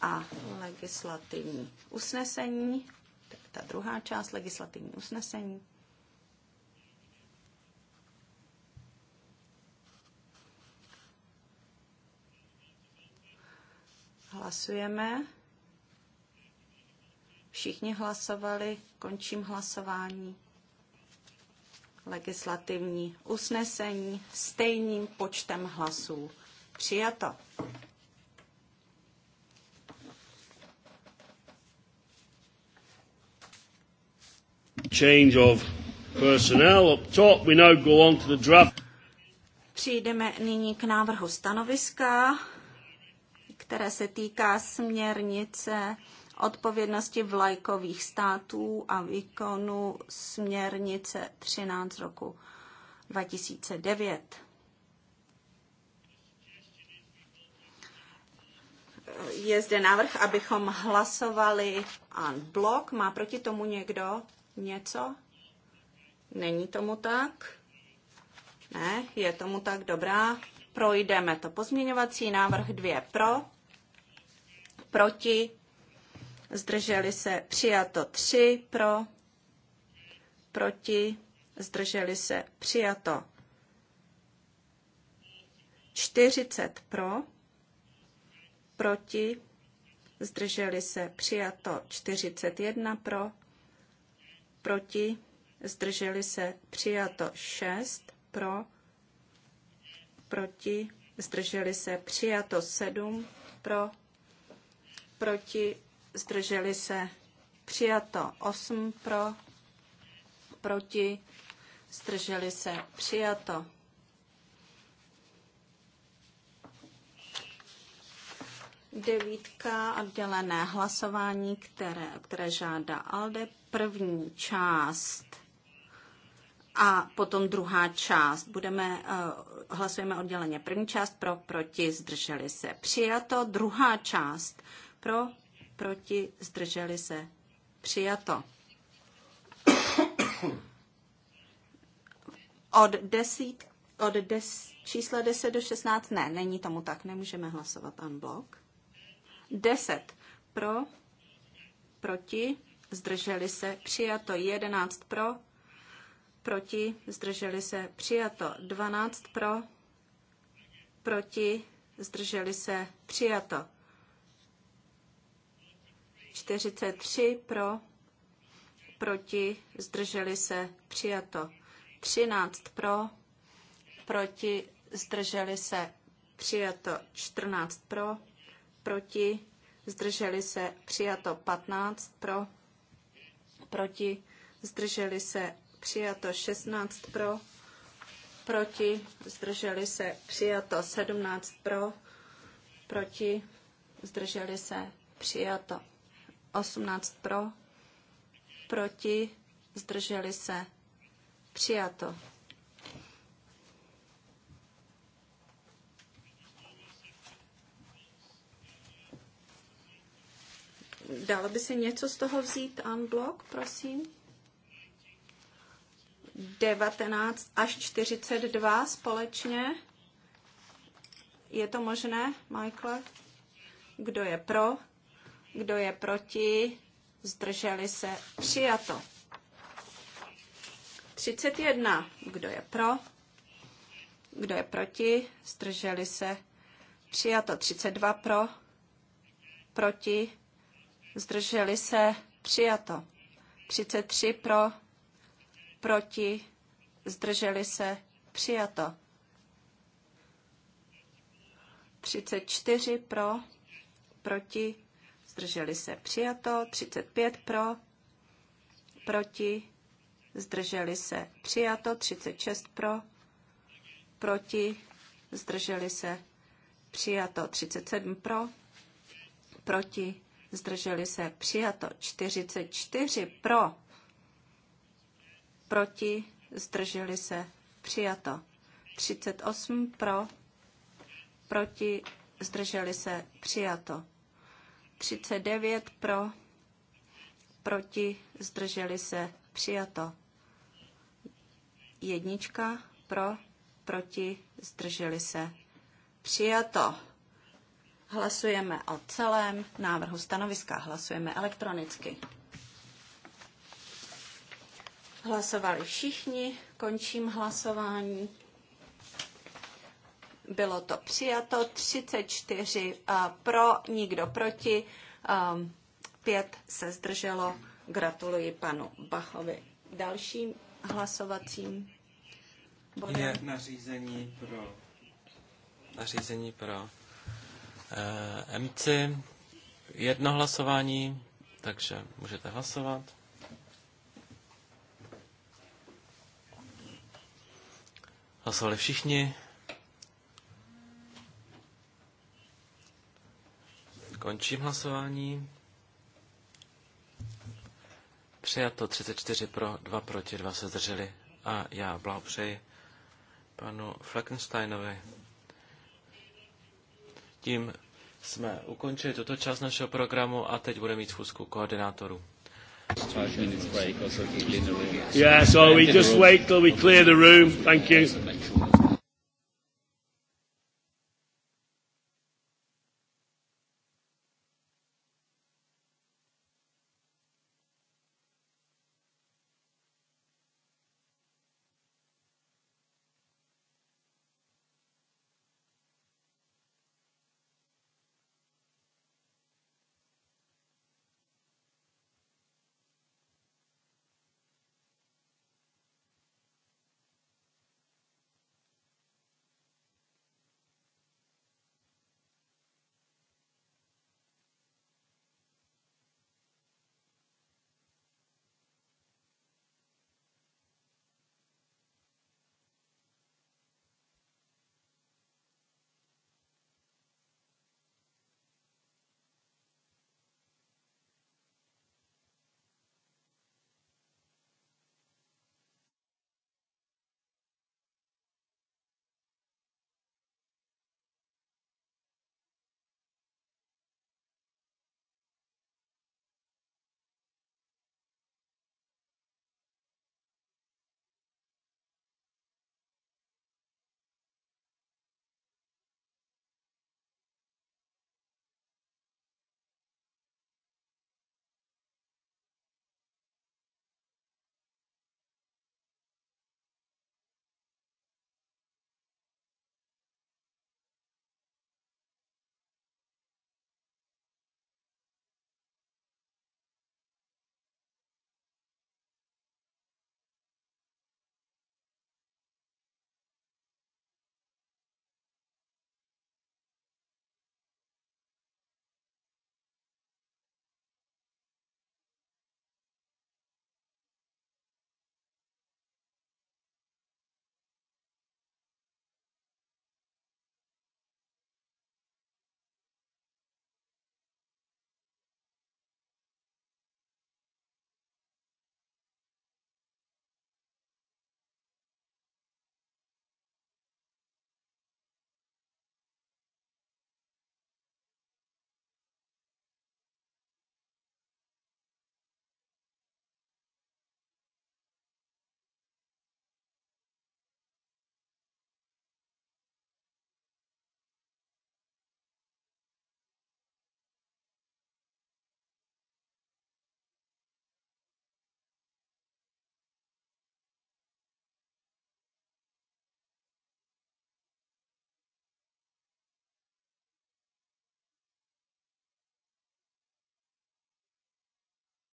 a legislativní usnesení. Tak ta druhá část legislativní usnesení. Hlasujeme. Všichni hlasovali, končím hlasování. Legislativní usnesení stejným počtem hlasů. Přijato. Change of personnel up top. We now go on to the draft. Přijdeme nyní k návrhu stanoviska, které se týká směrnice odpovědnosti vlajkových států a výkonu směrnice 13 roku 2009. Je zde návrh, abychom hlasovali A blok. Má proti tomu někdo něco? Není tomu tak? Ne, je tomu tak dobrá. Projdeme to. Pozměňovací návrh 2 pro, proti, zdrželi se přijato 3 pro, proti, zdrželi se přijato 40 pro, proti, zdrželi se přijato 41 pro, proti, zdrželi se přijato 6 pro, proti, zdrželi se přijato 7 pro, proti, zdrželi se, přijato 8 pro, proti, zdrželi se, přijato. Devítka oddělené hlasování, které, které žádá ALDE, první část a potom druhá část. Budeme, uh, hlasujeme odděleně. První část pro, proti, zdrželi se. Přijato. Druhá část pro, proti, zdrželi se, přijato. Od, desít, od des, čísla 10 do 16 ne, není tomu tak, nemůžeme hlasovat unblock. 10 pro, proti, zdrželi se, přijato 11 pro, proti, zdrželi se, přijato 12 pro, proti, zdrželi se, přijato 43 pro, proti, zdrželi se, přijato. 13 pro, proti, zdrželi se, přijato. 14 pro, proti, zdrželi se, přijato. 15 pro, proti, zdrželi se, přijato. 16 pro, proti, zdrželi se, přijato. 17 pro, proti, zdrželi se, přijato. 18 pro, proti, zdrželi se, přijato. Dalo by se něco z toho vzít unblock, prosím? 19 až 42 společně. Je to možné, Michael? Kdo je pro? Kdo je proti? Zdrželi se? Přijato. 31. Kdo je pro? Kdo je proti? Zdrželi se? Přijato. 32 pro? Proti? Zdrželi se? Přijato. 33 pro? Proti? Zdrželi se? Přijato. 34 pro? Proti? zdrželi se přijato, 35 pro, proti, zdrželi se přijato, 36 pro, proti, zdrželi se přijato, 37 pro, proti, zdrželi se přijato, 44 pro, proti, zdrželi se přijato, 38 pro, proti, zdrželi se přijato. 39 pro, proti, zdrželi se, přijato. Jednička pro, proti, zdrželi se, přijato. Hlasujeme o celém návrhu stanoviska. Hlasujeme elektronicky. Hlasovali všichni, končím hlasování. Bylo to přijato 34 eh, pro, nikdo proti, 5 eh, se zdrželo. Gratuluji panu Bachovi. Dalším hlasovacím bodem je nařízení pro nařízení pro eh, MC. Jedno hlasování, takže můžete hlasovat. Hlasovali všichni. Končím hlasování. Přijato 34 pro, 2 proti, 2 se zdrželi. A já blahopřeji panu Fleckensteinovi. Tím jsme ukončili tuto část našeho programu a teď bude mít schůzku koordinátorů. Yeah, so we just wait till we clear the room. Thank you.